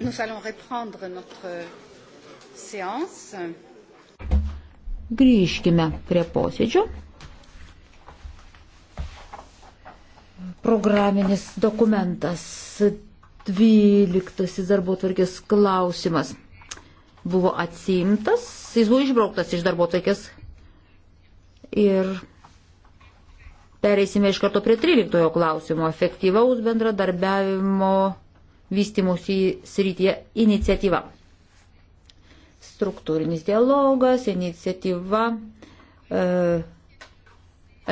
Nous allons reprendre notre séance. Grįžkime prie posėdžio. Programinis dokumentas 12 darbo tvarkės klausimas buvo atsimtas, jis buvo išbrauktas iš darbo tvarkės ir Pereisime iš karto prie 13 klausimo. Efektyvaus bendradarbiavimo vystimusi srityje iniciatyva. Struktūrinis dialogas, iniciatyva. E,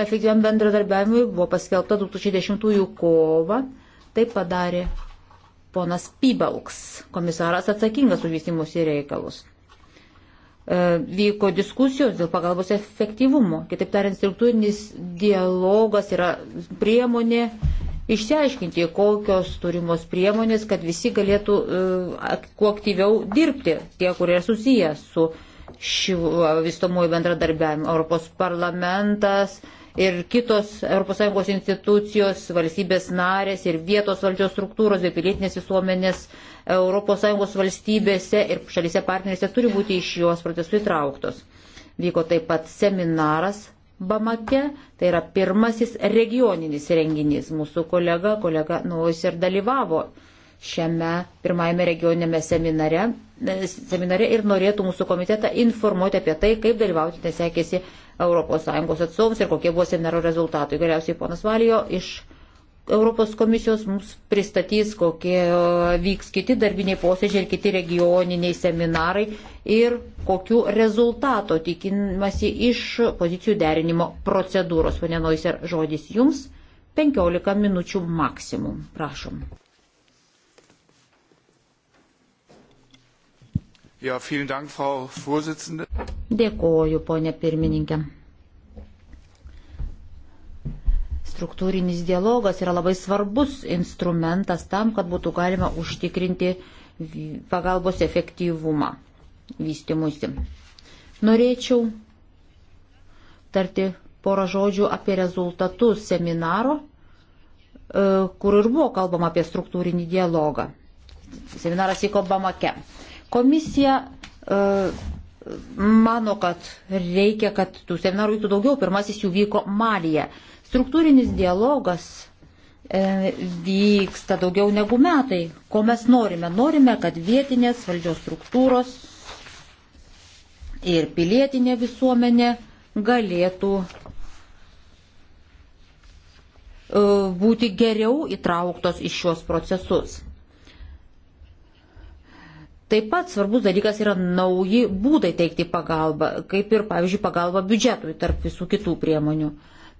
efektyviam bendradarbiavimui buvo paskelbta 2010 kova. Tai padarė ponas Pybalks, komisaras atsakingas už vystimusi reikalus. E, vyko diskusijos dėl pagalbos efektyvumo. Kitaip tariant, struktūrinis dialogas yra priemonė išsiaiškinti, kokios turimos priemonės, kad visi galėtų e, kuo aktyviau dirbti, tie, kurie yra susiję su šiuo vystomuoju bendradarbiavimu. Europos parlamentas, uh, ir kitos ES institucijos, valstybės narės ir vietos valdžios struktūros bei pilietinės visuomenės ES valstybėse ir šalise partnerėse turi būti iš jos protestų įtrauktos. Vyko taip pat seminaras Bamake, tai yra pirmasis regioninis renginys. Mūsų kolega, kolega Nuojus ir dalyvavo šiame pirmajame regioninėme seminare seminare ir norėtų mūsų komitetą informuoti apie tai, kaip dalyvauti nesekėsi tai ES atstovams ir kokie buvo seminaro rezultatai. Galiausiai ponas Valijo iš Europos komisijos mums pristatys, kokie e, vyks kiti darbiniai posėdžiai ir kiti regioniniai seminarai ir kokiu rezultato tikimasi iš pozicijų derinimo procedūros. Pane Noiser, žodis jums 15 minučių maksimum. Prašom. Ja, Dank, Frau Dėkoju, ponė pirmininkė. Struktūrinis dialogas yra labai svarbus instrumentas tam, kad būtų galima užtikrinti pagalbos efektyvumą vystimusi. Norėčiau tarti porą žodžių apie rezultatus seminaro, e, kur ir buvo kalbama apie struktūrinį dialogą. Seminaras vyko Bamake. Komisija e, mano, kad reikia, kad tų seminarų būtų daugiau. Pirmasis jų vyko Malyje. Struktūrinis dialogas e, vyksta daugiau negu metai. Ko mes norime? Norime, kad vietinės valdžios struktūros ir pilietinė visuomenė galėtų e, būti geriau įtrauktos į šios procesus. Taip pat svarbus dalykas yra nauji būdai teikti pagalbą, kaip ir, pavyzdžiui, pagalba biudžetui tarp visų kitų priemonių.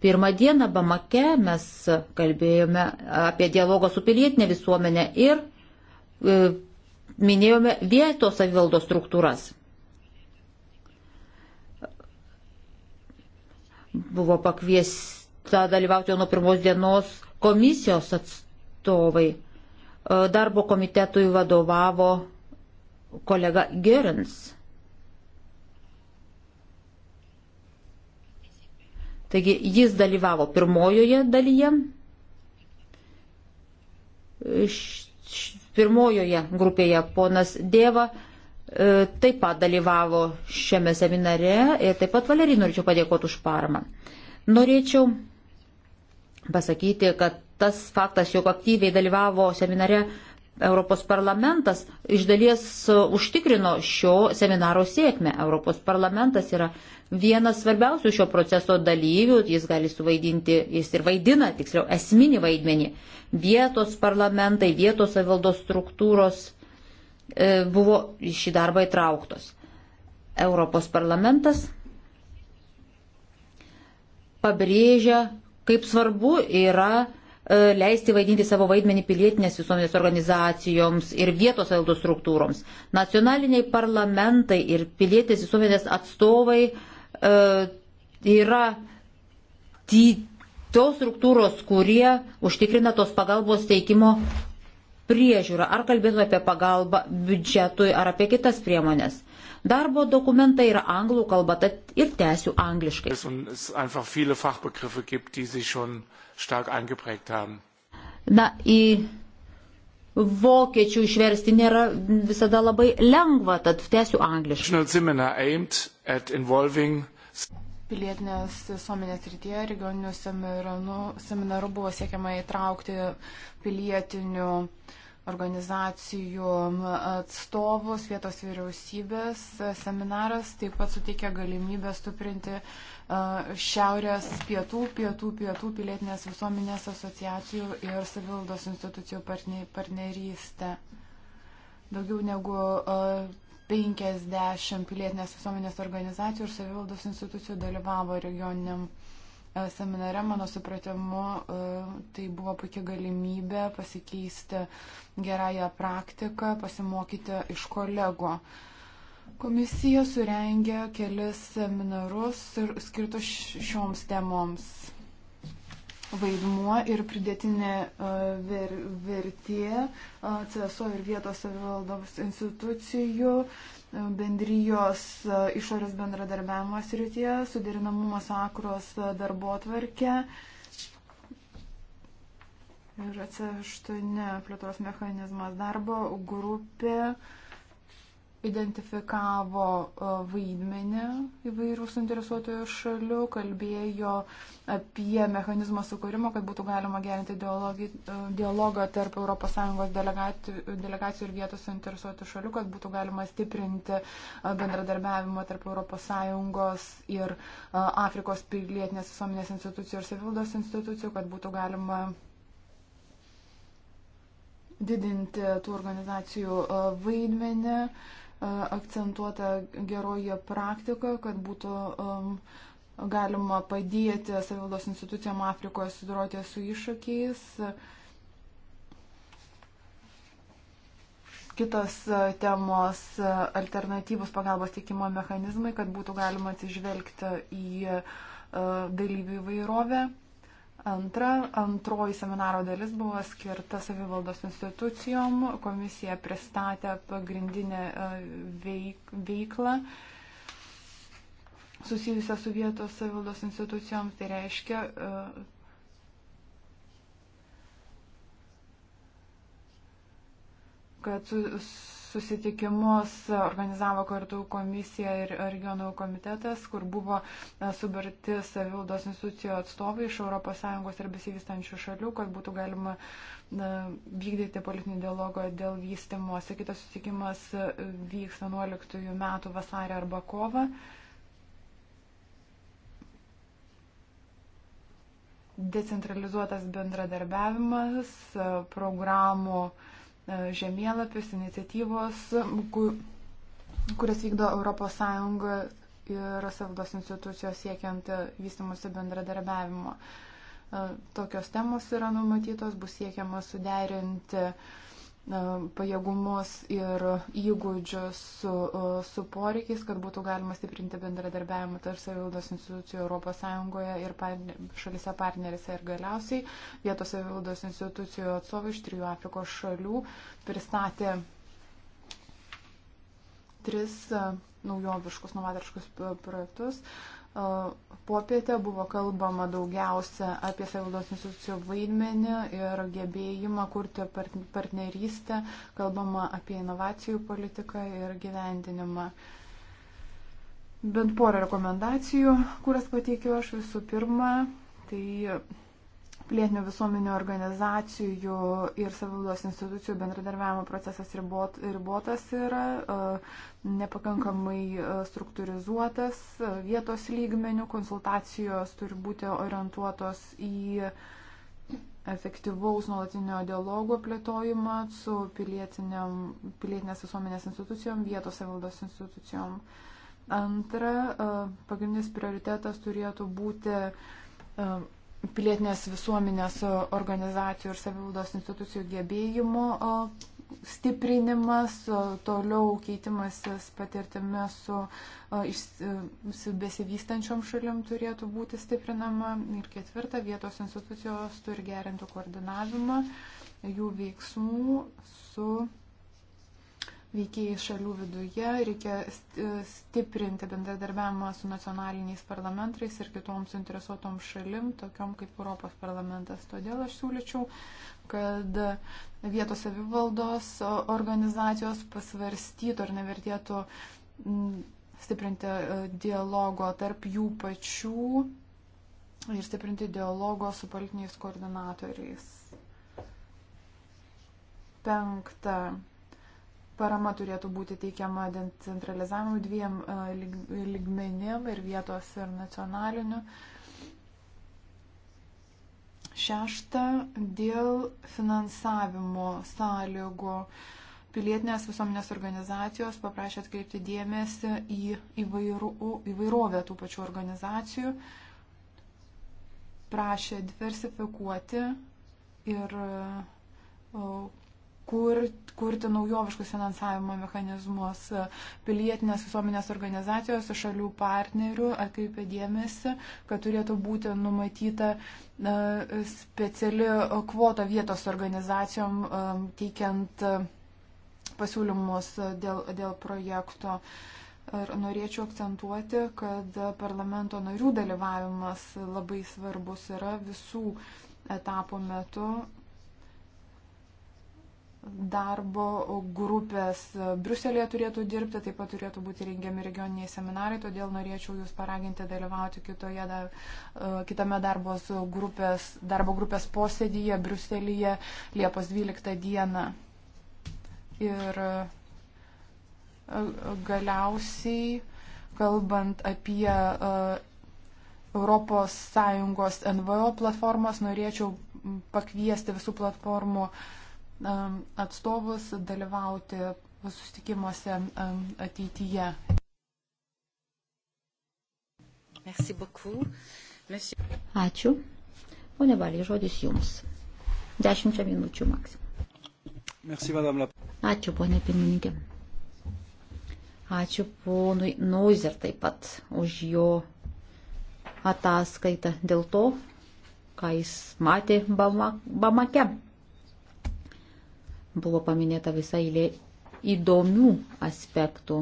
Pirmą dieną Bamake mes kalbėjome apie dialogą su pilietinė visuomenė ir e, minėjome vietos savivaldos struktūras. Buvo pakviesta dalyvauti jau nuo pirmos dienos komisijos atstovai. E, darbo komitetui vadovavo kolega Gerins. Taigi jis dalyvavo pirmojoje dalyje, pirmojoje grupėje ponas Dėva e, taip pat dalyvavo šiame seminare ir taip pat Valerijai norėčiau padėkoti už paramą. Norėčiau pasakyti, kad tas faktas, jog aktyviai dalyvavo seminare Europos parlamentas iš dalies e, užtikrino šio seminaro sėkmę. Europos parlamentas yra vienas svarbiausių šio proceso dalyvių, jis gali suvaidinti, jis ir vaidina, tiksliau, esminį vaidmenį. Vietos parlamentai, vietos savivaldos struktūros e, buvo į šį darbą įtrauktos. Europos parlamentas pabrėžia, kaip svarbu yra E, leisti vaidinti savo vaidmenį pilietinės visuomenės organizacijoms ir vietos valdos struktūroms. Nacionaliniai parlamentai ir pilietinės visuomenės atstovai e, yra tos struktūros, kurie užtikrina tos pagalbos teikimo priežiūrą. Ar kalbėtume apie pagalbą biudžetui, ar apie kitas priemonės. Darbo dokumentai yra anglų kalba, tad ir tęsiu angliškai. Na, į vokiečių išversti nėra visada labai lengva, tad tęsiu angliškai. Pilietinės visuomenės rytyje regioninių seminarų buvo siekiama įtraukti pilietinių uh, organizacijų atstovus, vietos vyriausybės seminaras taip pat suteikia galimybę stiprinti šiaurės pietų, pietų, pietų pilietinės visuomenės asociacijų ir savildos institucijų partnerystę. Daugiau negu 50 pilietinės visuomenės organizacijų ir savildos institucijų dalyvavo regioniniam E, seminare, mano supratimu, e, tai buvo puikia galimybė pasikeisti gerąją praktiką, pasimokyti iš kolego. Komisija surengė kelis seminarus skirtus šioms temoms. Vaidmuo ir pridėtinė e, ver, vertė CSO ir vietos savivaldos institucijų bendrijos e, išorės bendradarbiavimo srityje, suderinamumą su akros e, darbo tvarke ir C8 plėtros mechanizmas darbo grupė identifikavo e, vaidmenį įvairių suinteresuotojų šalių, kalbėjo apie mechanizmo sukūrimo, kad būtų galima gerinti dialogį, e, dialogą tarp ES delegacijų, delegacijų ir vietos suinteresuotų šalių, kad būtų galima stiprinti e, bendradarbiavimą tarp ES ir Afrikos pilietinės visuomenės institucijų ir savivaldos institucijų, kad būtų galima didinti tų organizacijų vaidmenį. Uh, akcentuota geroji praktika, kad būtų um, galima padėti savivaldos institucijom Afrikoje sudoroti su iššūkiais. Kitos temos - alternatyvus pagalbos teikimo mechanizmai, kad būtų galima atsižvelgti į uh, dalyvių įvairovę. Antra, antroji seminaro dalis buvo skirta savivaldos institucijom. Komisija pristatė pagrindinę e, veik, veiklą susijusią su vietos savivaldos institucijom. Tai reiškia, e, kad su, susitikimus organizavo kartu komisija ir regionų komitetas, kur buvo e, subarti savildos institucijų atstovai iš ES ir besivystančių šalių, kad būtų galima vykdyti politinį dialogą dėl vystimosi. Kitas susitikimas e, vyks 11 metų vasarį arba kovą. Decentralizuotas bendradarbiavimas, e, programų uh, E, žemėlapius, iniciatyvos, kurias vykdo ES ir savidos institucijos siekiant e, vystimusi bendradarbiavimo. E, tokios temos yra numatytos, bus siekiama suderinti uh, pajėgumus ir įgūdžius su, su poreikiais, kad būtų galima stiprinti bendradarbiavimą tarp savivaldos institucijų ES ir partner, šalise partnerėse. Ir galiausiai vietos savivaldos institucijų atstovai iš trijų Afrikos šalių pristatė tris naujoviškus, novatoriškus projektus popietę buvo kalbama daugiausia apie savivaldos institucijų vaidmenį ir gebėjimą kurti partnerystę, kalbama apie inovacijų politiką ir gyvendinimą. Bent porą rekomendacijų, kurias pateikiau aš visų pirma, tai pilietinių visuomenių organizacijų ir savivaldos institucijų bendradarbiavimo procesas ribot, ribotas yra, e, nepakankamai e, struktūrizuotas e, vietos lygmenių, konsultacijos turi būti orientuotos į efektyvaus nuolatinio dialogo plėtojimą su pilietinės visuomenės institucijom, vietos savivaldos institucijom. Antra, pagrindinis prioritetas turėtų būti pilietinės visuomenės organizacijų ir savivaldos institucijų gebėjimų stiprinimas, toliau keitimasis patirtimi su, su besivystančiom šalim turėtų būti stiprinama. Ir ketvirta, vietos institucijos turi gerinti koordinavimą jų veiksmų su veikėjai šalių viduje, reikia stiprinti bendradarbiavimą su nacionaliniais parlamentais ir kitoms interesuotom šalim, tokiom kaip Europos parlamentas. Todėl aš siūlyčiau, kad vietos savivaldos organizacijos pasvarstytų, ar nevertėtų stiprinti e, dialogo tarp jų pačių ir stiprinti dialogo su politiniais koordinatoriais. Penkta Parama turėtų būti teikiama decentralizavimui dviem e, lygmenim ir vietos ir nacionaliniu. Šešta, dėl finansavimo sąlygų pilietinės visuomenės organizacijos paprašė atkreipti dėmesį į įvairų, įvairovę tų pačių organizacijų, prašė diversifikuoti ir e, kur, kurti naujoviškus finansavimo mechanizmus. Pilietinės visuomenės organizacijos iš šalių partnerių atkreipė dėmesį, kad turėtų būti numatyta speciali kvota vietos organizacijom um, teikiant uh, pasiūlymus dėl, dėl projekto. Ir norėčiau akcentuoti, kad parlamento narių dalyvavimas labai svarbus yra visų etapų metu, darbo grupės Bruselėje turėtų dirbti, taip pat turėtų būti rengiami regioniniai seminarai, todėl norėčiau Jūs paraginti dalyvauti kitoje, da, e, kitame darbos grupės, darbo grupės posėdyje Bruselėje Liepos 12 dieną. Ir e, galiausiai, kalbant apie e, Europos Sąjungos NVO platformas, norėčiau pakviesti visų platformų uh, Um, atstovus dalyvauti susitikimuose um, ateityje. Ačiū. Pone Valį, žodis Jums. Dešimčia minučių maksimum. Ačiū, ponė pirmininkė. Ačiū ponui Noizer taip pat už jo ataskaitą dėl to, ką jis matė Bamake. Bama Buvo paminėta visa eilė įdomių aspektų.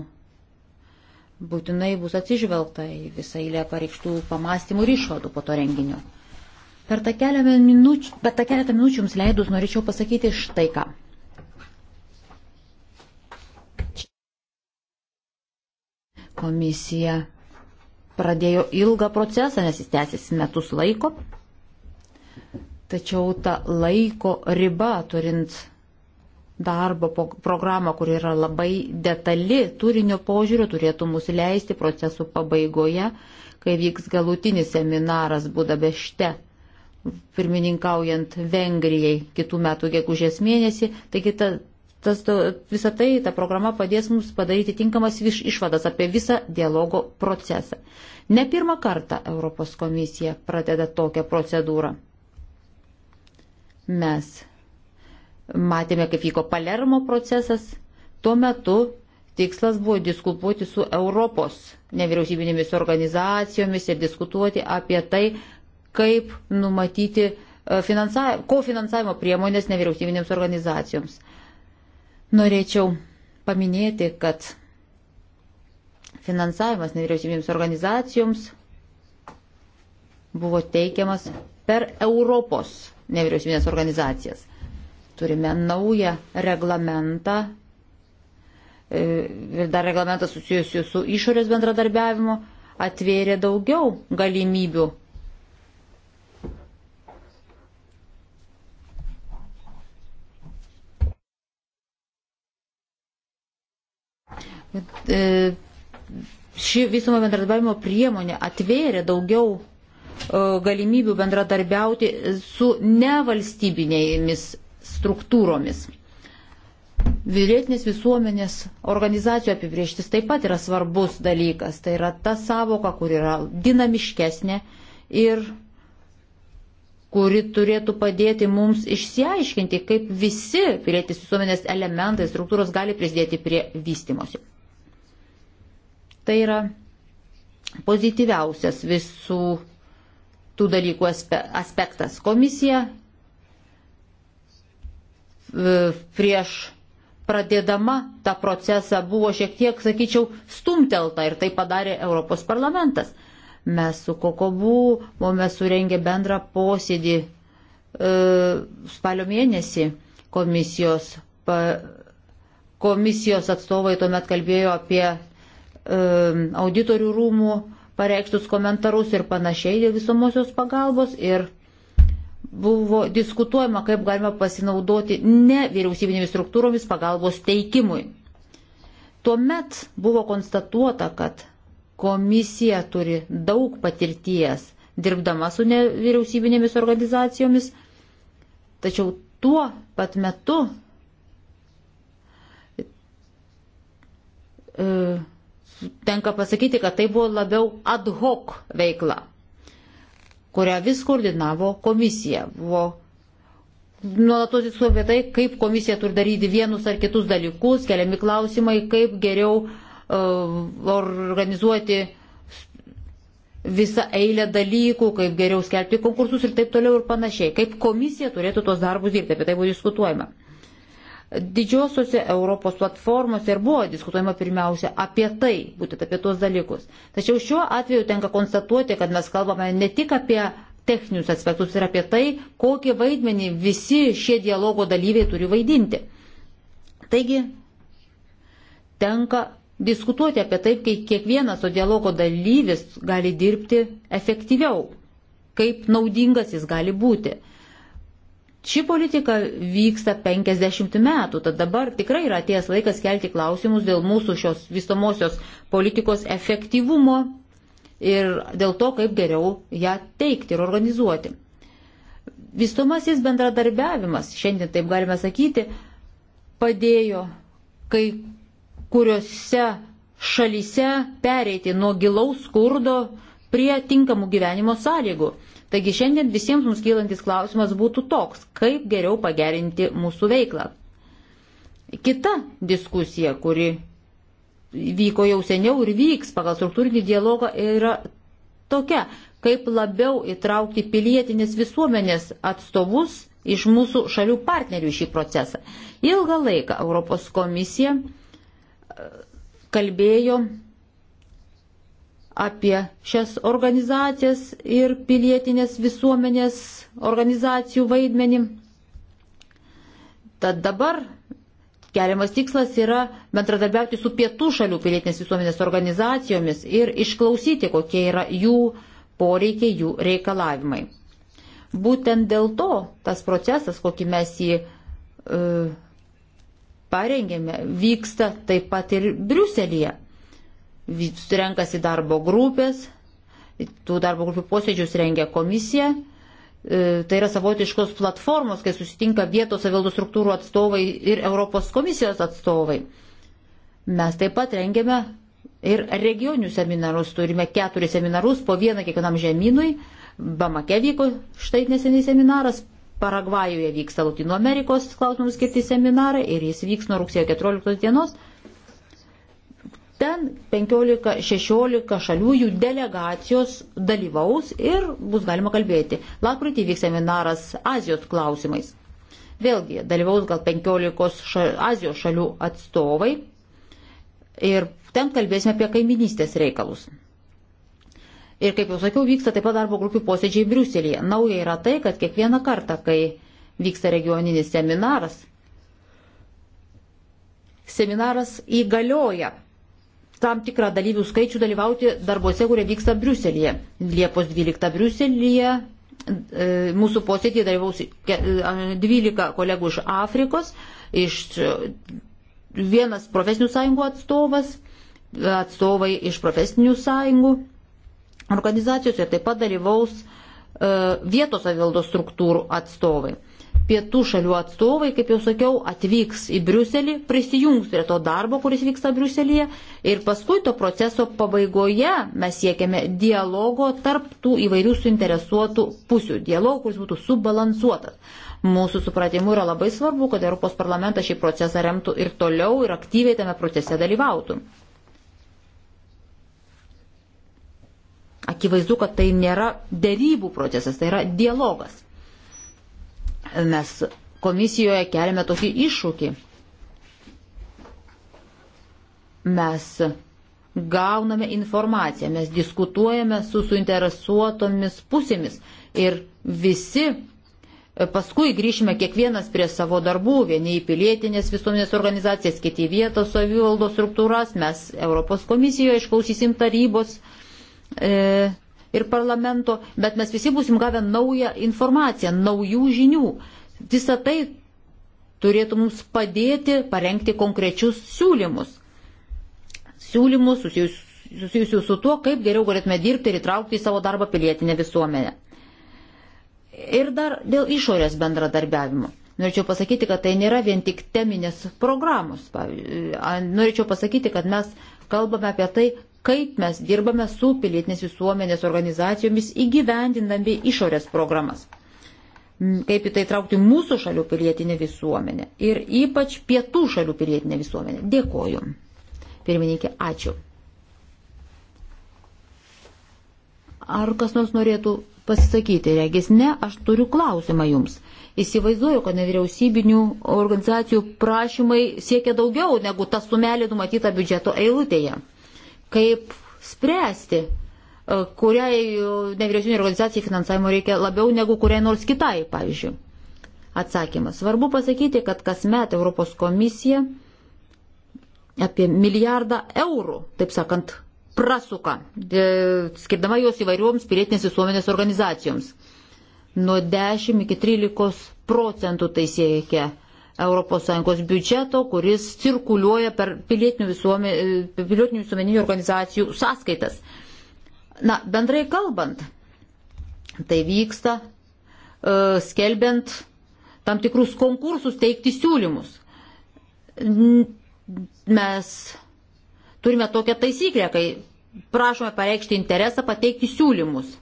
Būtinai bus atsižvelgta į visą eilę pareikštų pamastymų ir išvadų po to renginio. Per tą, minučių, per tą keletą minučių jums leidus norėčiau pasakyti štai ką. Komisija pradėjo ilgą procesą, nes jis tęsiasi metus laiko. Tačiau ta laiko riba, turint darbo programą, kur yra labai detali turinio požiūrio, turėtų mus leisti procesų pabaigoje, kai vyks galutinis seminaras Budabešte, pirmininkaujant Vengrijai kitų metų gegužės mėnesį. Taigi ta, tas, ta, visa tai, ta programa padės mums padaryti tinkamas viš, išvadas apie visą dialogo procesą. Ne pirmą kartą Europos komisija pradeda tokią procedūrą. Mes matėme, kaip vyko Palermo procesas. Tuo metu tikslas buvo diskutuoti su Europos nevyriausybinėmis organizacijomis ir diskutuoti apie tai, kaip numatyti e, kofinansavimo priemonės nevyriausybinėms organizacijoms. Norėčiau paminėti, kad finansavimas nevyriausybinėms organizacijoms buvo teikiamas per Europos nevyriausybinės organizacijas. Turime naują reglamentą e, ir dar reglamentas susijusiu su išorės bendradarbiavimu atvėrė daugiau galimybių. E, ši visumo bendradarbiavimo priemonė atvėrė daugiau e, galimybių bendradarbiauti su nevalstybinėmis struktūromis. Vilietinės visuomenės organizacijų apibrieštis taip pat yra svarbus dalykas. Tai yra ta savoka, kur yra dinamiškesnė ir kuri turėtų padėti mums išsiaiškinti, kaip visi pilietis visuomenės elementai, struktūros gali prisidėti prie vystimosi. Tai yra pozityviausias visų tų dalykų aspektas. Komisija E, prieš pradėdama tą procesą buvo šiek tiek, sakyčiau, stumtelta ir tai padarė Europos parlamentas. Mes su Kokobu buvome surengę bendrą posėdį e, spalio mėnesį komisijos, pa, komisijos atstovai tuomet kalbėjo apie e, auditorių rūmų pareikštus komentarus ir panašiai dėl visomosios pagalbos ir buvo diskutuojama, kaip galima pasinaudoti nevyriausybinėmis struktūromis pagalbos teikimui. Tuomet buvo konstatuota, kad komisija turi daug patirties dirbdama su nevyriausybinėmis organizacijomis, tačiau tuo pat metu e, tenka pasakyti, kad tai buvo labiau ad hoc veikla kurią vis koordinavo komisija. Buvo nuolatos diskutuojama apie tai, kaip komisija turi daryti vienus ar kitus dalykus, keliami klausimai, kaip geriau uh, organizuoti visą eilę dalykų, kaip geriau skelbti konkursus ir taip toliau ir panašiai. Kaip komisija turėtų tos darbus dirbti, apie tai buvo diskutuojama. Didžiosiuose Europos platformose ir buvo diskutuojama pirmiausia apie tai, būtent apie tuos dalykus. Tačiau šiuo atveju tenka konstatuoti, kad mes kalbame ne tik apie techninius aspektus ir apie tai, kokį vaidmenį visi šie dialogo dalyviai turi vaidinti. Taigi, tenka diskutuoti apie taip, kaip kiekvienas to dialogo dalyvis gali dirbti efektyviau, kaip naudingas jis gali būti. Ši politika vyksta 50 metų, tad dabar tikrai yra atėjęs laikas kelti klausimus dėl mūsų šios vystomosios politikos efektyvumo ir dėl to, kaip geriau ją teikti ir organizuoti. Vystomasis bendradarbiavimas, šiandien taip galime sakyti, padėjo kai kuriuose šalyse pereiti nuo gilaus skurdo prie tinkamų gyvenimo sąlygų. Taigi šiandien visiems mums kylantis klausimas būtų toks, kaip geriau pagerinti mūsų veiklą. Kita diskusija, kuri vyko jau seniau ir vyks pagal struktūrinį dialogą, yra tokia, kaip labiau įtraukti pilietinės visuomenės atstovus iš mūsų šalių partnerių šį procesą. Ilgą laiką Europos komisija e, kalbėjo apie šias organizacijas ir pilietinės visuomenės organizacijų vaidmenį. Tad dabar keliamas tikslas yra bendradarbiauti su pietų šalių pilietinės visuomenės organizacijomis ir išklausyti, kokie yra jų poreikiai, jų reikalavimai. Būtent dėl to tas procesas, kokį mes jį e, parengėme, vyksta taip pat ir Briuselėje renkasi darbo grupės, tų darbo grupių posėdžius rengia komisija. E, tai yra savotiškos platformos, kai susitinka vietos savildų struktūrų atstovai ir Europos komisijos atstovai. Mes taip pat rengiame ir regionių seminarus. Turime keturis seminarus, po vieną kiekvienam žemynui. Bamake vyko štai neseniai seminaras, Paragvajoje vyksta Latino Amerikos klausimams skirti seminarai ir jis vyks nuo rugsėjo 14 dienos. Ten 15-16 šalių jų delegacijos dalyvaus ir bus galima kalbėti. Lakrytį vyks seminaras Azijos klausimais. Vėlgi, dalyvaus gal 15 ša Azijos šalių atstovai ir ten kalbėsime apie kaiminystės reikalus. Ir kaip jau sakiau, vyksta taip pat darbo grupių posėdžiai Briuselėje. Nauja yra tai, kad kiekvieną kartą, kai vyksta regioninis seminaras, seminaras įgalioja tam tikrą dalyvių skaičių dalyvauti darbuose, kurie vyksta Briuselėje. Liepos 12 Briuselėje e, mūsų posėdėje dalyvaus 12 e, kolegų iš Afrikos, iš e, vienas profesinių sąjungų atstovas, atstovai iš profesinių sąjungų organizacijos ir taip pat dalyvaus vietos savivaldos struktūrų atstovai pietų šalių atstovai, kaip jau sakiau, atvyks į Briuselį, prisijungs prie to darbo, kuris vyksta Briuselėje ir paskui to proceso pabaigoje mes siekiame dialogo tarp tų įvairių suinteresuotų pusių, dialogo, kuris būtų subalansuotas. Mūsų supratimu yra labai svarbu, kad Europos parlamentas šį procesą remtų ir toliau ir aktyviai tame procese dalyvautų. Akivaizdu, kad tai nėra dėrybų procesas, tai yra dialogas mes komisijoje keliame tokį iššūkį. Mes gauname informaciją, mes diskutuojame su suinteresuotomis pusėmis ir visi e, paskui grįšime kiekvienas prie savo darbų, vieni į pilietinės visuomenės organizacijas, kiti į vietos savivaldos struktūras, mes Europos komisijoje išklausysim tarybos e, ir parlamento, bet mes visi busim gavę naują informaciją, naujų žinių. Visą tai turėtų mums padėti parengti konkrečius siūlymus. Siūlymus susijusius su tuo, kaip geriau galėtume dirbti ir įtraukti į savo darbą pilietinę visuomenę. Ir dar dėl išorės bendradarbiavimo. Norėčiau pasakyti, kad tai nėra vien tik teminės programos. Norėčiau pasakyti, kad mes kalbame apie tai, kaip mes dirbame su pilietinės visuomenės organizacijomis įgyvendindami išorės programas kaip į tai traukti mūsų šalių pilietinę visuomenę ir ypač pietų šalių pilietinę visuomenę. Dėkoju. Pirmininkė, ačiū. Ar kas nors norėtų pasisakyti? Regis ne, aš turiu klausimą jums. Įsivaizduoju, kad nevyriausybinių organizacijų prašymai siekia daugiau negu ta sumelė numatyta biudžeto eilutėje kaip spręsti, e, kuriai nevyriausybinė organizacija finansavimo reikia labiau negu kuriai nors kitai, pavyzdžiui. Atsakymas. Svarbu pasakyti, kad kasmet Europos komisija apie milijardą eurų, taip sakant, prasuka, e, skirdama juos įvairioms pilietinės visuomenės organizacijoms. Nuo 10 iki 13 procentų tai siekia ES biudžeto, kuris cirkuliuoja per pilietinių, visuomen, e, pilietinių visuomeninių organizacijų sąskaitas. Na, bendrai kalbant, tai vyksta uh, skelbiant tam tikrus konkursus teikti siūlymus. Mes turime tokią taisyklę, kai prašome pareikšti interesą pateikti siūlymus.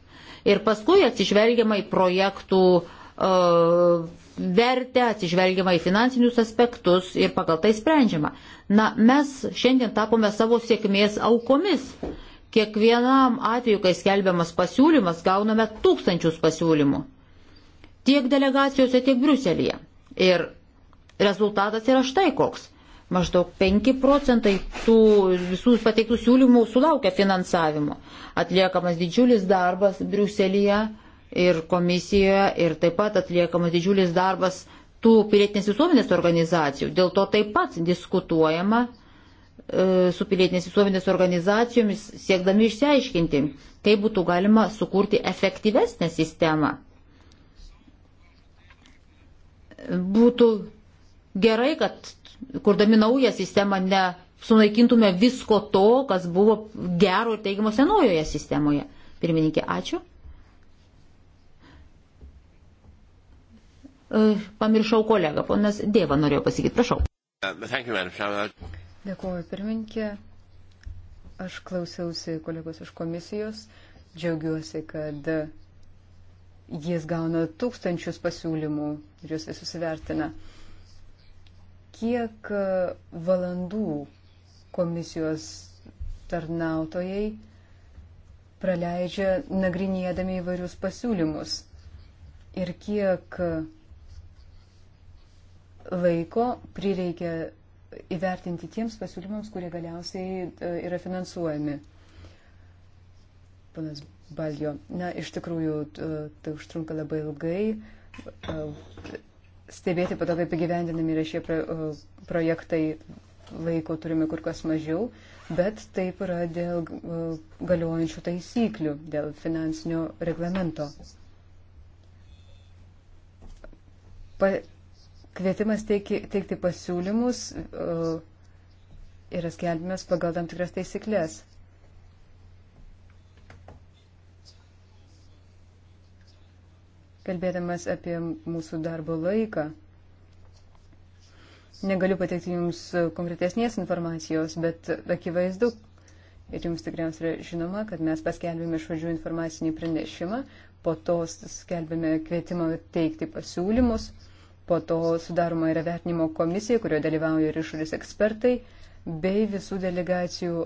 Ir paskui atsižvelgiama į projektų uh, vertę, atsižvelgiama į finansinius aspektus ir pagal tai sprendžiama. Na, mes šiandien tapome savo sėkmės aukomis. Kiekvienam atveju, kai skelbiamas pasiūlymas, gauname tūkstančius pasiūlymų. Tiek delegacijose, tiek Briuselėje. Ir rezultatas yra štai koks. Maždaug 5 procentai tų visų pateiktų siūlymų sulaukia finansavimo. Atliekamas didžiulis darbas Briuselėje ir komisijoje, ir taip pat atliekamas didžiulis darbas tų pilietinės visuomenės organizacijų. Dėl to taip pat diskutuojama e, su pilietinės visuomenės organizacijomis, siekdami išsiaiškinti, kaip būtų galima sukurti efektyvesnę sistemą. Būtų gerai, kad kurdami naują sistemą ne sunaikintume visko to, kas buvo gero ir teigiamo senojoje sistemoje. Pirmininkė, ačiū. Eh, pamiršau kolegą, ponas Dėva norėjo pasakyti, prašau. Uh, Dėkuoju, pirminkė. Aš klausiausi kolegos iš komisijos. Džiaugiuosi, kad jis gauna tūkstančius pasiūlymų ir juos visus įvertina. Kiek valandų komisijos tarnautojai praleidžia nagrinėdami įvairius pasiūlymus ir kiek laiko prireikia įvertinti tiems pasiūlymams, kurie galiausiai e, yra finansuojami. Panas Baljo, na, iš tikrųjų, tai užtrunka labai ilgai. E, stebėti po to, kaip įgyvendinami yra šie e, projektai, laiko turime kur kas mažiau, bet taip yra dėl galiojančių taisyklių, dėl finansinio reglamento. Pa Kvietimas teiki, teikti pasiūlymus e, yra skelbimas pagal tam tikras taisyklės. Kalbėdamas apie mūsų darbo laiką, negaliu pateikti Jums konkretesnės informacijos, bet akivaizdu, ir Jums tikriausiai yra žinoma, kad mes paskelbėme iš pradžių informacinį pranešimą, po to skelbėme kvietimą teikti pasiūlymus. Po to sudaroma yra vertinimo komisija, kurioje dalyvauja ir išorės ekspertai, bei visų delegacijų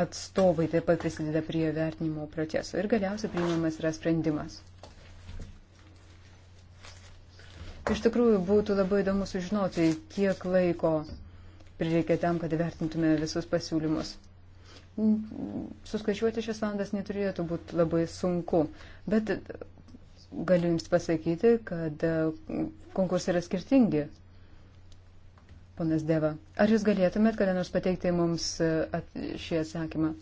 atstovai taip pat prisideda prie vertinimo proceso ir galiausiai priimamas yra sprendimas. Iš tikrųjų, būtų labai įdomu sužinoti, kiek laiko prireikia tam, kad vertintume visus pasiūlymus. Suskaičiuoti šias valandas neturėtų būti labai sunku, bet galiu Jums pasakyti, kad e, konkursai yra skirtingi. Ponas Deva, ar Jūs galėtumėt kada nors pateikti mums e, šį atsakymą?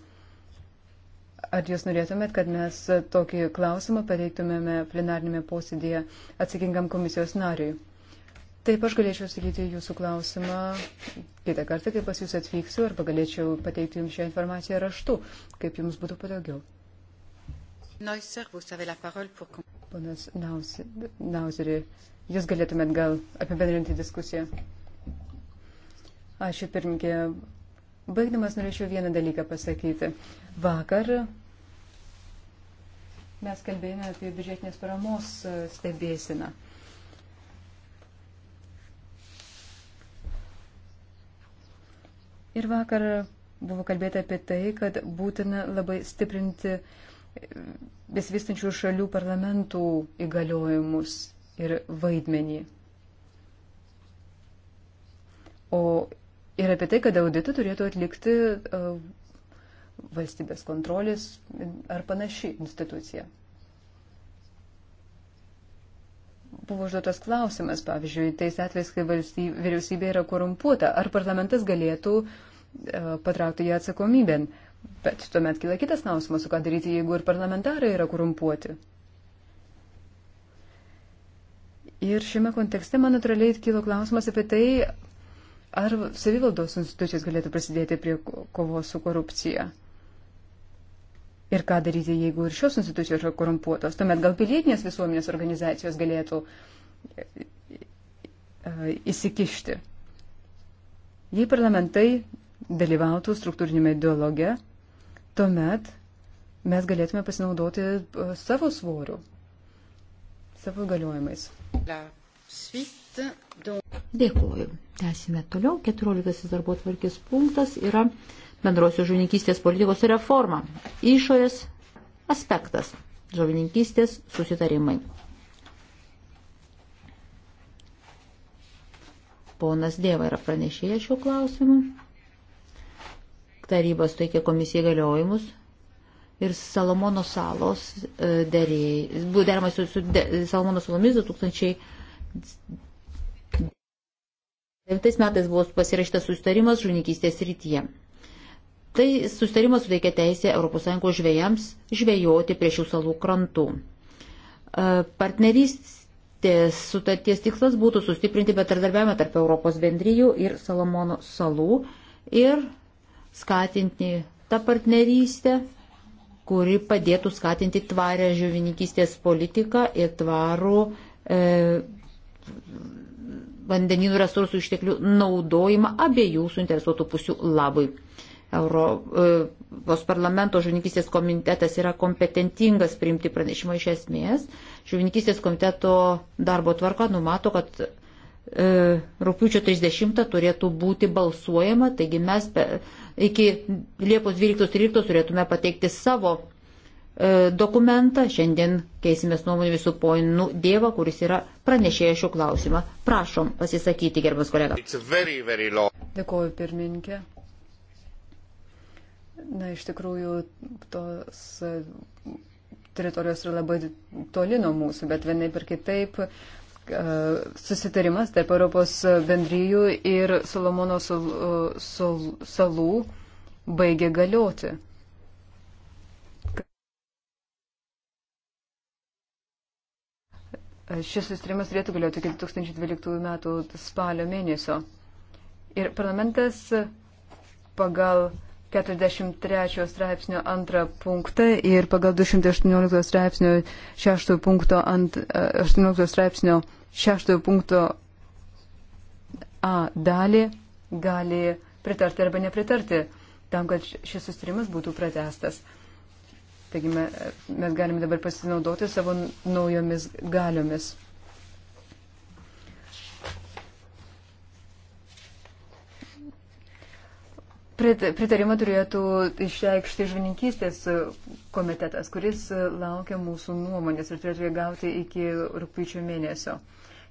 Ar Jūs norėtumėt, kad mes e, tokį klausimą pateiktumėme plenarnėme posėdėje atsakingam komisijos nariui? Taip, aš galėčiau sakyti jūsų klausimą kitą kartą, kai pas jūs atvyksiu, arba galėčiau pateikti jums šią informaciją raštu, kaip jums būtų patogiau. Panas Nauzerį, jūs galėtumėt gal apibendrinti diskusiją. Ačiū pirmininkė. Baigdamas norėčiau vieną dalyką pasakyti. Vakar mes kalbėjome apie biudžetinės paramos e, stebėsiną. Ir vakar buvo kalbėta apie tai, kad būtina labai stiprinti uh, besivystančių šalių parlamentų įgaliojimus ir vaidmenį. O ir apie tai, kad auditą turėtų atlikti e, valstybės kontrolės ar panaši institucija. Buvo užduotas klausimas, pavyzdžiui, tais atvejais, kai valstybė, vyriausybė yra korumpuota, ar parlamentas galėtų e, patraukti ją atsakomybėn. Uh, Bet tuomet kila kitas klausimas, ką daryti, jeigu ir parlamentarai yra korumpuoti. Ir šiame kontekste man natūraliai kilo klausimas apie tai, ar savivaldos institucijos galėtų prisidėti prie kovos su korupcija. Ir ką daryti, jeigu ir šios institucijos yra korumpuotos. Tuomet gal pilietinės visuomenės organizacijos galėtų e, e, įsikišti. Jei parlamentai dalyvautų struktūrinėme dialoge, tuomet mes galėtume pasinaudoti e, savo svoriu, savo galiojimais. Dėkuoju. Tęsime toliau. 14 darbo tvarkės punktas yra bendrosios žuvininkystės politikos reforma. Išorės aspektas - žuvininkystės susitarimai. Ponas Dėva yra pranešėjęs šiuo klausimu tarybos teikė komisijai galiojimus ir Salomono salos e, dėrėjai, buvo deramas su, su de, Salomono salomis 2009 metais buvo pasirašytas sustarimas žuvininkystės rytyje. Tai sustarimas suteikia teisę ES žvėjams žvėjoti prie šių salų krantų. E, partnerystės sutarties tikslas būtų sustiprinti bendradarbiavimą tarp Europos bendryjų ir Salomono salų ir skatinti tą partnerystę, kuri padėtų skatinti tvarę žuvininkystės politiką ir tvarų e, vandeninų resursų išteklių naudojimą abiejų suinteresuotų pusių labui. E, Europos parlamento žuvininkystės komitetas yra kompetentingas priimti pranešimą iš esmės. Žuvininkystės komiteto darbo tvarka numato, kad E, rūpiučio 30 turėtų būti balsuojama, taigi mes iki Liepos 12-13 turėtume pateikti savo e, dokumentą. Šiandien keisimės nuomonį visų poinų Dievą, kuris yra pranešėjęs šių klausimą. Prašom pasisakyti, gerbas kolega. Very, very Dėkuoju, pirmininkė. Na, iš tikrųjų, tos e, teritorijos yra labai toli nuo mūsų, bet vienaip ir kitaip uh, susitarimas tarp Europos bendryjų ir Solomono sal, sal, salų baigė galioti. Šis susitarimas turėtų galioti iki 2012 metų spalio mėnesio. Ir parlamentas pagal 43 straipsnio 2 punktą ir pagal 218 straipsnio 6 punkto ant 18 straipsnio šeštojo punkto A dalį gali pritarti arba nepritarti tam, kad šis sustarimas būtų pratestas. Taigi mes galime dabar pasinaudoti savo naujomis galiomis. Pritarimą turėtų išreikšti žvininkystės komitetas, kuris laukia mūsų nuomonės ir turėtų ją gauti iki rūpyčio mėnesio.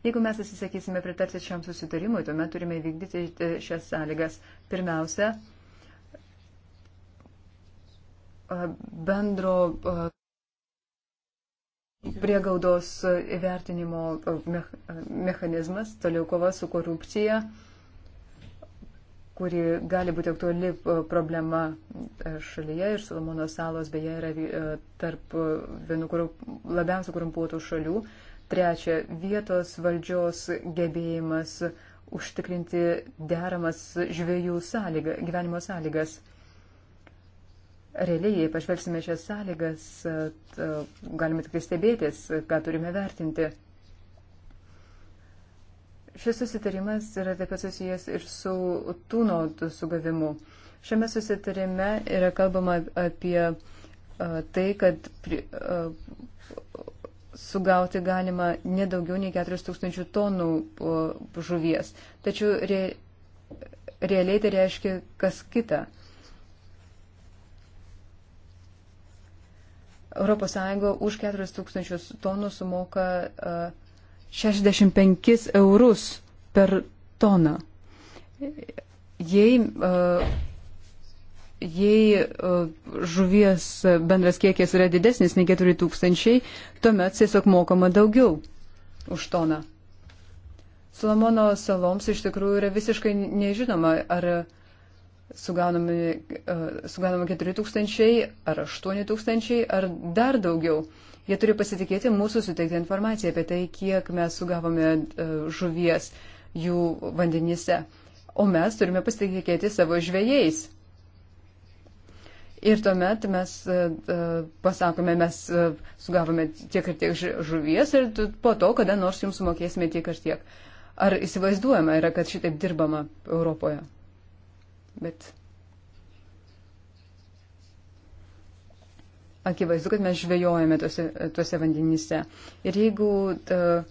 Jeigu mes atsisakysime pritarti šiam susitarimui, tuomet turime vykdyti e, šias sąlygas. Pirmiausia, e, bendro e, priegaudos įvertinimo mechanizmas, toliau kova su korupcija kuri gali būti aktuali e, problema e, šalyje ir Solomono salos beje yra e, tarp vienų labiausiai korumpuotų šalių. Trečia, vietos valdžios gebėjimas užtikrinti deramas žvėjų sąlyga, gyvenimo sąlygas. Realiai, jei pažvelgsime šias sąlygas, galime tik tai stebėtis, ką turime vertinti. Šis susitarimas yra taip pat susijęs ir su tūno sugavimu. Šiame susitarime yra kalbama apie a, tai, kad pri, a, sugauti galima nedaugiau nei 4000 tonų a, žuvies. Tačiau re, realiai tai reiškia kas kita. ES už 4000 tonų sumoka uh, 65 eurus per toną. Jei, e, jei e, žuvies bendras kiekis yra didesnis nei 4000, tuomet tiesiog mokama daugiau už toną. Solomono saloms iš tikrųjų yra visiškai nežinoma, ar sugaunami, e, sugaunami 4000, ar 8000, ar dar daugiau. Jie turi pasitikėti mūsų suteiktą informaciją apie tai, kiek mes sugavome e, žuvies jų vandenyse. O mes turime pasitikėti savo žvėjais. Ir tuomet mes e, e, pasakome, mes sugavome tiek ir tiek žuvies ir po to, kada nors jums sumokėsime tiek ir tiek. Ar įsivaizduojama yra, kad šitaip dirbama Europoje? Bet akivaizdu, kad mes žvejojame tuose, tuose vandenyse. Ir jeigu uh,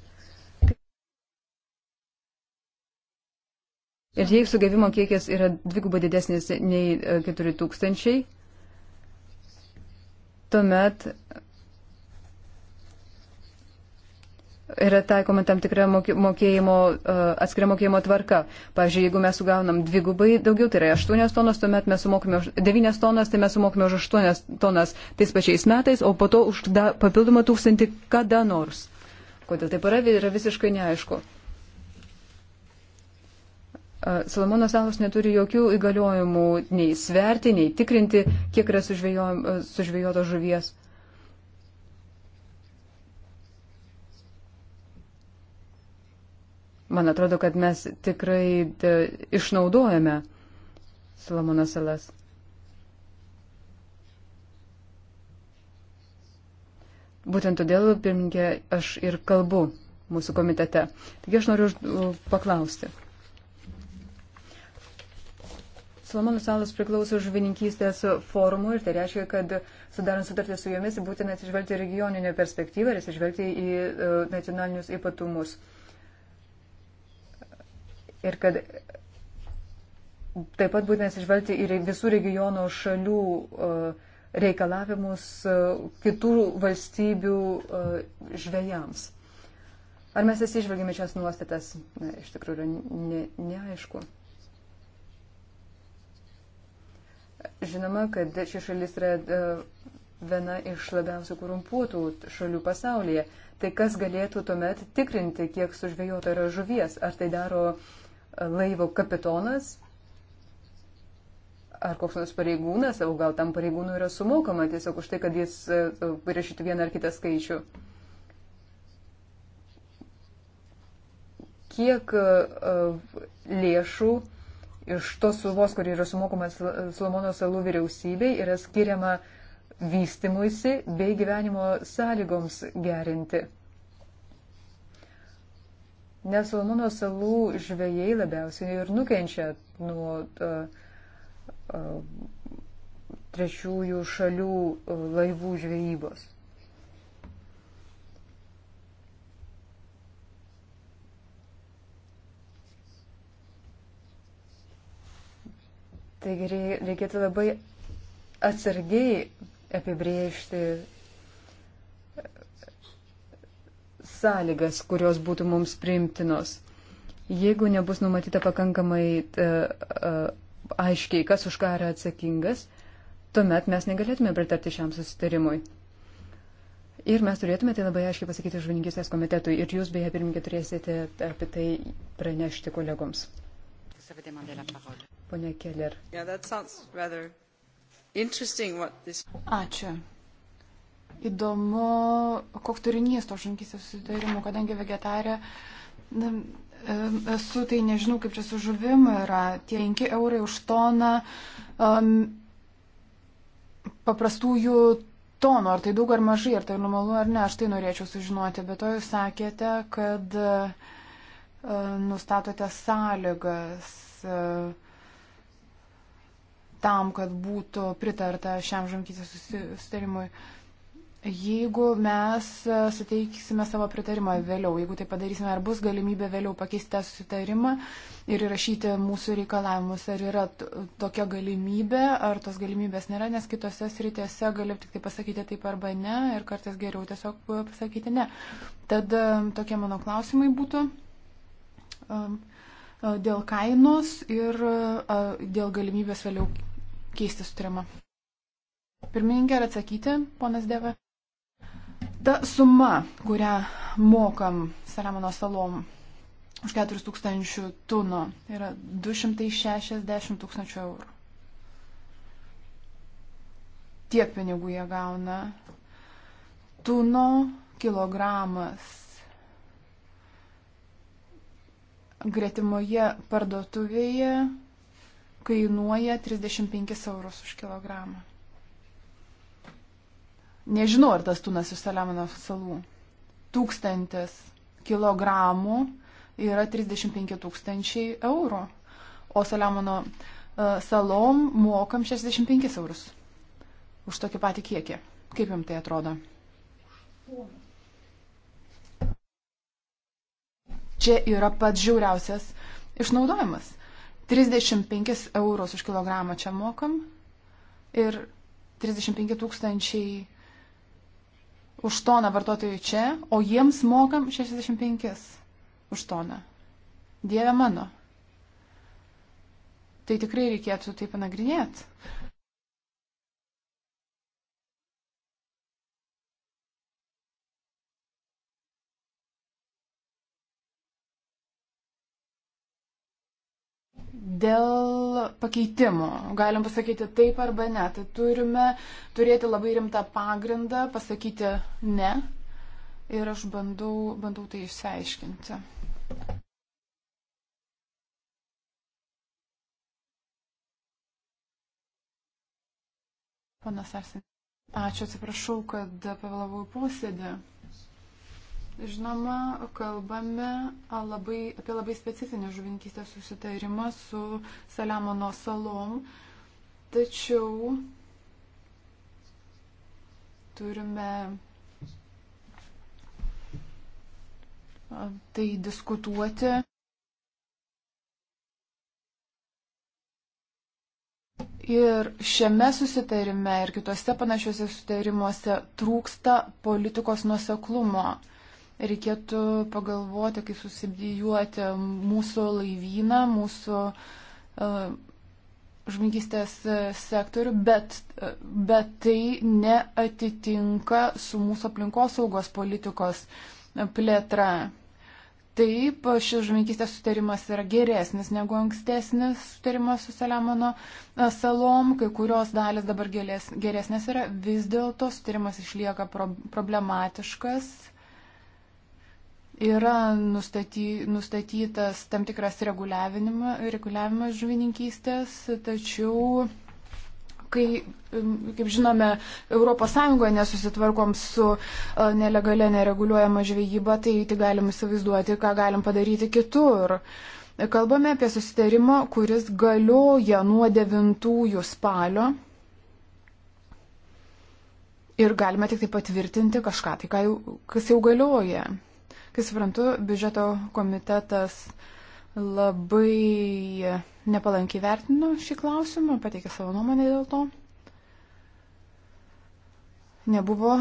Ir jei sugavimo kiekis yra dvigubai didesnis nei 4000, e, tuomet yra taikoma tam tikra mokėjimo, e, atskiria mokėjimo tvarka. Pavyzdžiui, jeigu mes sugaunam dvigubai daugiau, tai yra 8 tonas, tuomet mes sumokime 9 tonas, tai mes sumokime už 8 tonas tais pačiais metais, o po to už da, papildomą tūkstantį kada nors. Kodėl taip yra, yra visiškai neaišku. Salamonas e, Salas neturi jokių įgaliojimų nei sverti, nei tikrinti, kiek yra sužvėjota žuvies. Man atrodo, kad mes tikrai e, išnaudojame Salamono salas. Būtent todėl, pirmininkė, aš ir kalbu mūsų komitete. Taigi aš noriu paklausti. Salomonų salos priklauso žuvininkystės forumui ir tai reiškia, kad sudarant sutartį su jomis būtina atsižvelgti regioninę perspektyvą ir atsižvelgti į e, nacionalinius ypatumus. Uh, ir kad taip pat būtent atsižvelgti ir visų regiono šalių e, reikalavimus e, kitų valstybių e, žvėjams. Ar mes atsižvelgėme šias nuostatas, na, iš tikrųjų yra ne, neaišku. Žinoma, kad ši šalis yra viena iš labiausiai korumpuotų šalių pasaulyje. Tai kas galėtų tuomet tikrinti, kiek sužvėjota yra žuvies? Ar tai daro uh, laivo kapitonas ar koks nors pareigūnas, o gal tam pareigūnui yra sumokama tiesiog už tai, kad jis e, e, rašytų vieną ar kitą skaičių. Kiek e, lėšų iš tos suvos, kur yra sumokamas Slomono salų vyriausybei, yra skiriama vystimuisi bei gyvenimo sąlygoms gerinti. Nes Salomono salų žvėjai labiausiai ir nukenčia nuo uh, uh, trečiųjų šalių uh, laivų žvejybos. Taigi reikėtų labai atsargiai apibriežti sąlygas, kurios būtų mums priimtinos. Jeigu nebus numatyta pakankamai uh, uh, aiškiai, kas už ką yra atsakingas, tuomet mes negalėtume pritarti šiam susitarimui. Ir mes turėtume tai labai aiškiai pasakyti žuvininkystės komitetui. Ir jūs, beje, pirmininkė, turėsite apie tai pranešti kolegoms. Pone Keller. Yeah, this... Ačiū įdomu, koks turinys to žankysės susitarimo, kadangi vegetarė na, esu, tai nežinau, kaip čia su žuvimu yra. Tie 5 eurai už toną um, paprastųjų tonų, ar tai daug ar mažai, ar tai normalu ar ne, aš tai norėčiau sužinoti, bet to jūs sakėte, kad uh, nustatote sąlygas. Uh, tam, kad būtų pritarta šiam žankysės susitarimui. Uh, Jeigu mes e, suteiksime savo pritarimą vėliau, jeigu tai padarysime, ar bus galimybė vėliau pakeisti tą susitarimą ir įrašyti mūsų reikalavimus, ar yra tokia galimybė, ar tos galimybės nėra, nes kitose sritėse galim tik tai pasakyti taip arba ne ir kartais geriau tiesiog e, pasakyti ne. Tad e, tokie mano klausimai būtų dėl kainos ir dėl galimybės vėliau keisti sutarimą. Pirmininkė, ar atsakyti, ponas Deve? Ta suma, kurią mokam Saramono salom už 4000 tunų, tai yra 260 tūkstančių eurų. Tiek pinigų jie gauna. Tuno kilogramas gretimoje parduotuvėje kainuoja 35 eurus už kilogramą. Nežinau, ar tas tunas iš Saliamono salų. Tūkstantis kilogramų yra 35 tūkstančiai eurų, o Saliamono e, salom mokam 65 eurus už tokį patį kiekį. Kaip jums tai atrodo? Čia yra pats žiauriausias išnaudojimas. 35 eurus už kilogramą čia mokam ir 35 tūkstančiai už toną vartotojų čia, o jiems mokam 65 už toną. Dieve mano. Tai tikrai reikėtų tai panagrinėti. Dėl pakeitimų galim pasakyti taip arba ne. Tai turime turėti labai rimtą pagrindą pasakyti ne. Ir aš bandau, bandau tai išsiaiškinti. Panas Arsin. Ačiū, atsiprašau, kad pavėlavau į posėdį. Žinoma, kalbame labai, apie labai specifinį žuvinkystės susitarimą su Saliamono salom, tačiau turime tai diskutuoti. Ir šiame susitarime ir kitose panašiuose susitarimuose trūksta politikos nuseklumo reikėtų pagalvoti, kaip susidijuoti mūsų laivyną, mūsų uh, žmogystės e, sektorių, bet, e, bet tai neatitinka su mūsų aplinkosaugos politikos plėtra. Taip, šis žuvininkystės sutarimas yra geresnis negu ankstesnis sutarimas su Selemono salom, kai kurios dalis dabar geresnės yra, vis dėlto sutarimas išlieka problematiškas yra nustaty, nustatytas tam tikras reguliavimas žuvininkystės, tačiau, kai, kaip žinome, ES nesusitvarkom su e, nelegalia nereguliuojama žvejyba, tai, tai galim įsivaizduoti, ką galim padaryti kitur. Kalbame apie susitarimą, kuris galioja nuo 9 spalio. Ir galime tik tai patvirtinti kažką, tai ką jau, kas jau galioja. Kai suprantu, biudžeto komitetas labai nepalankiai vertino šį klausimą, pateikė savo nuomonę dėl to. Nebuvo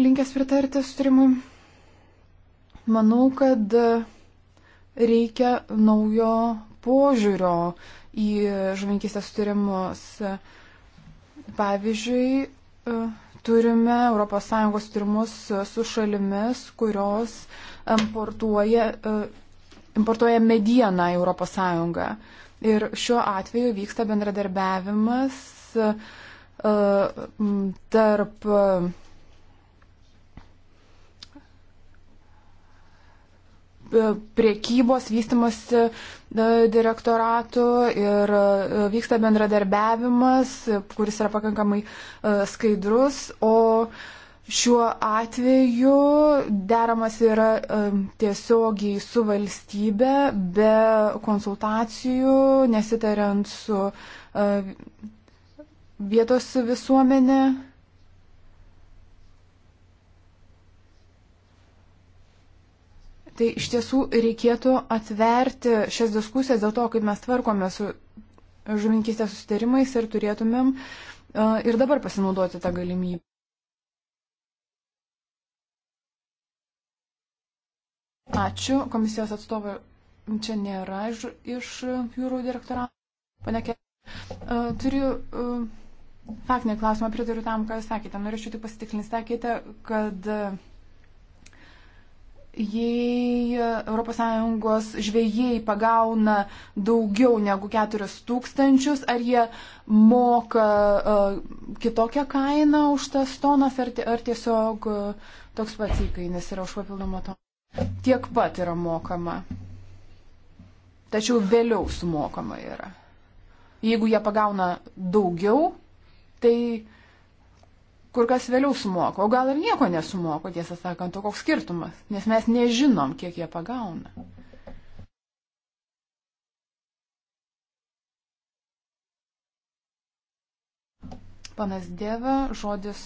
linkęs pritarti sutrimui. Manau, kad reikia naujo požiūrio į žuvinkistės sutarimus. Pavyzdžiui, turime ES tyrimus e, su šalimis, kurios importuoja, e, importuoja medieną į ES. Ir šiuo atveju vyksta bendradarbiavimas e, tarp E, priekybos vystimosi e, direktoratu ir e, vyksta bendradarbiavimas, kuris yra pakankamai skaidrus, o šiuo atveju deramas yra tiesiogiai su valstybe be konsultacijų, nesitariant su vietos visuomenė. Tai iš tiesų reikėtų atverti šias diskusijas dėl to, kaip mes tvarkome su žuvinkystės susitarimais ir turėtumėm e, ir dabar pasinaudoti tą galimybę. Ačiū. Komisijos atstovai čia nėra iš, iš jūrų direktorato. Panekė. E, turiu e, faktinį klausimą, pritariu tam, ką jūs sakėte. Norėčiau tik pasitikrinti. Sakėte, kad jei ES žvėjai pagauna daugiau negu 4 tūkstančius, ar jie moka uh, kitokią kainą už tas tonas, ar, ar tiesiog uh, toks pats įkainis yra už papildomą toną. Tiek pat yra mokama. Tačiau vėliau sumokama yra. Jeigu jie pagauna daugiau, tai uh, kur kas vėliau sumoka, o gal ir nieko nesumoka, tiesą sakant, o koks skirtumas, nes mes nežinom, kiek jie pagauna. Panas Dėva, žodis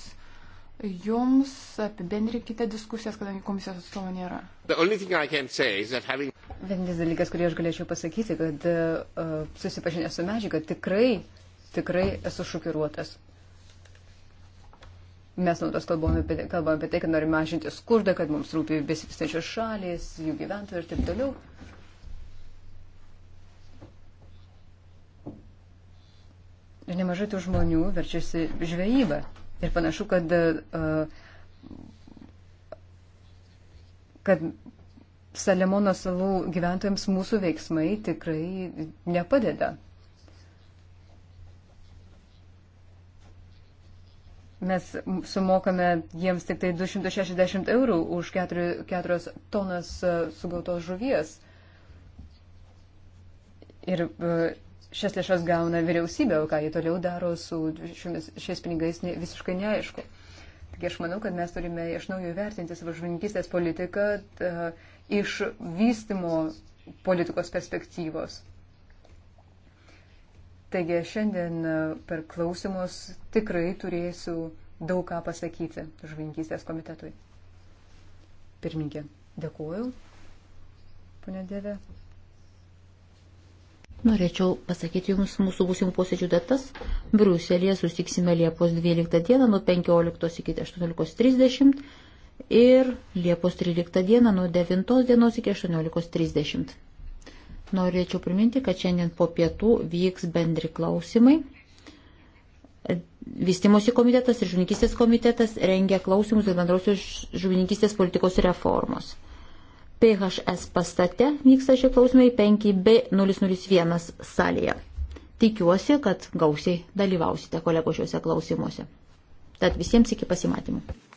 jums, apibendrinkite diskusijas, kadangi komisijos atstovo nėra. Having... Vienintelis dalykas, kurį aš galėčiau pasakyti, kad uh, susipažinęs su medžiaga, tikrai, tikrai esu šokiruotas. Mes nuotos kalbame apie, tai, kalbame apie tai, kad norime mažinti skurdą, kad mums rūpi besivystančios šalys, jų gyventojai ir taip toliau. Ir nemažai tų žmonių verčiasi žvejybą. Ir panašu, kad, uh, kad Salemono salų gyventojams mūsų veiksmai tikrai nepadeda. Mes sumokame jiems tik tai 260 eurų už 4, 4 tonas e, sugautos žuvies. Ir e, šias lėšas gauna vyriausybė, o ką jie toliau daro su šiomis, šiais pinigais ne, visiškai neaišku. Taigi aš manau, kad mes turime iš naujo vertinti savo žuvininkystės politiką t, e, iš vystimo politikos perspektyvos. Taigi šiandien e, per klausimus tikrai turėsiu daug ką pasakyti žuvininkystės komitetui. Pirmininkė, dėkuoju, ponė Dėvė. Norėčiau pasakyti Jums mūsų būsimų posėdžių datas. Briuselėje susitiksime Liepos 12 dieną nuo 15 iki 18.30 ir Liepos 13 dieną nuo 9 dienos iki 18.30. Norėčiau priminti, kad šiandien po pietų vyks bendri klausimai. Vystimosi komitetas ir žuvininkistės komitetas rengia klausimus dėl bendrosios žuvininkistės politikos reformos. PHS pastate vyksta šie klausimai 5B001 salėje. Tikiuosi, kad gausiai dalyvausite kolego šiuose klausimuose. Tad visiems iki pasimatymų.